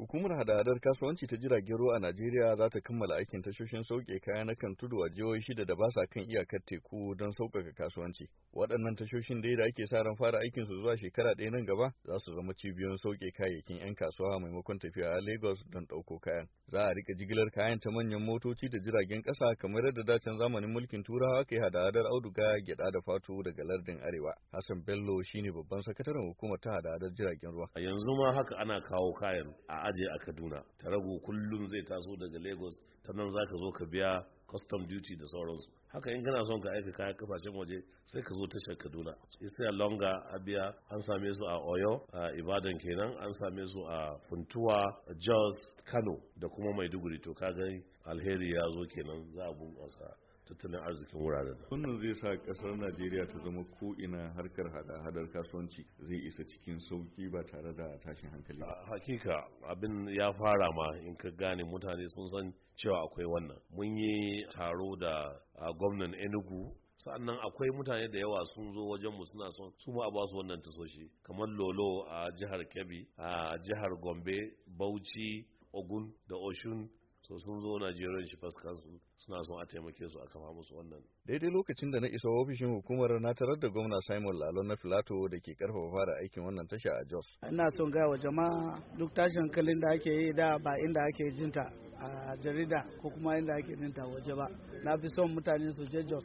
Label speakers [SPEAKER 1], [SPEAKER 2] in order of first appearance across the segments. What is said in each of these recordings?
[SPEAKER 1] Hukumar hadadar kasuwanci ta jiragen ruwa a Najeriya za ta kammala aikin tashoshin sauke kaya na kan tudu a jihohi shida da ba sa kan iyakar teku don sauƙaƙa kasuwanci. Waɗannan tashoshin dai da ake sa ran fara aikin su zuwa shekara ɗaya nan gaba za su zama cibiyoyin sauke kayayyakin 'yan kasuwa maimakon tafiya a Lagos don ɗauko kayan. za a rika jigilar kayan ta manyan motoci da jiragen ƙasa kamar yadda dacen zamanin mulkin turawa ke hada-hadar auduga gyada da fatu daga lardin arewa hassan bello shine babban sakataren hukumar ta hada-hadar jiragen ruwa
[SPEAKER 2] yanzu ma haka ana kawo kayan a aje a kaduna Ta rago kullum zai taso daga lagos ta nan za ka zo ka biya custom duty da sauransu haka in kana son ka aika kayan kasashen waje sai ka zo tashar kaduna isa longa abiya an same su a oyo a ibadan kenan an same su a funtuwa jos kano da kuma maiduguri to ka gani alheri ya zo kenan za a bunƙasa
[SPEAKER 1] tattalin arzikin wuraren wannan zai sa kasar najeriya ta zama ko ina harkar hada-hadar kasuwanci zai isa cikin sauki ba tare da tashin hankali hakika
[SPEAKER 2] abin ya fara ma in ka gane mutane sun san cewa akwai wannan mun yi taro da gwamnan enugu Sa'annan akwai mutane da yawa sun zo wajen mu suna son su ma ba su wannan tasoshi kamar lolo a jihar kebbi a jihar gombe bauchi ogun da oshun so sun zo Najeriya shi fuskansu suna son a taimake su a kama musu wannan.
[SPEAKER 1] Daidai lokacin da na isa ofishin hukumar na tarar da gwamna Simon Lalo na Filato da ke karfafa fara aikin wannan tasha a Jos. Ina son gaya wa jama'a duk tashin hankalin da
[SPEAKER 3] ake yi da ba inda ake jinta a jarida ko kuma inda ake jinta waje ba. Na fi son mutane su je Jos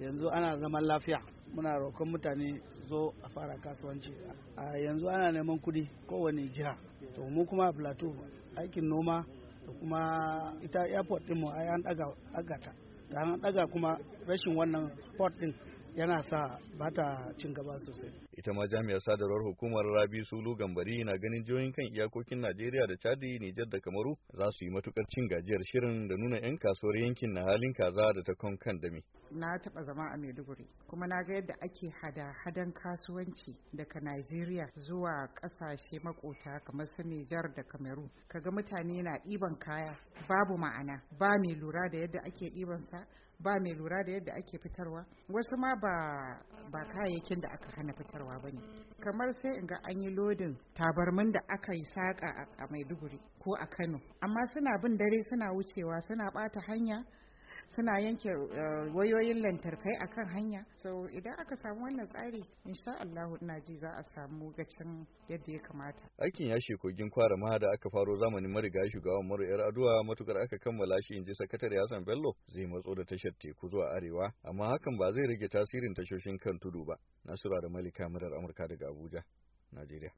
[SPEAKER 3] yanzu ana zaman lafiya. muna roƙon mutane su zo a fara kasuwanci a yanzu ana neman kuɗi kowane jiha to mu kuma a plateau aikin noma da kuma ita airport din mu ai an daga daga ta da an daga kuma rashin wannan port din yana sa bata ta cin gaba sosai
[SPEAKER 1] ita ma jami'ar sadarwar hukumar rabi sulu gambari na ganin jihohin kan iyakokin najeriya da chadi nijar da kamaru za su yi matukar cin gajiyar shirin da nuna 'yan kasuwar yankin na halin kaza da ta kan dami
[SPEAKER 4] na taba zama a maiduguri kuma na ga yadda ake hada-hadan kasuwanci daga najeriya zuwa kasashe makota kamar su nijar da kamaru kaga mutane na ɗiban kaya babu ma'ana ba mai lura da yadda ake ɗibansa ba mai lura da yadda ake fitarwa wasu ma ba kayayyakin da aka hana fitarwa bane kamar sai in ga an yi lodin tabarmin da aka yi saƙa a maiduguri ko a kano amma suna bin dare suna wucewa suna ɓata hanya suna yanke eh, wayoyin lantarkai a kan hanya so idan aka samu wannan tsari insha Allah ina ji za a samu gacin yadda ya kamata
[SPEAKER 1] aikin yashe kogin kwara ma da aka faro zamanin mariga shugaban mara yar aduwa matukar aka kammala shi inji sakatare Hassan Bello zai matso da tashar teku zuwa arewa amma hakan ba zai rage tasirin tashoshin kan tudu ba nasiru da Malika murar Amurka daga Abuja Najeriya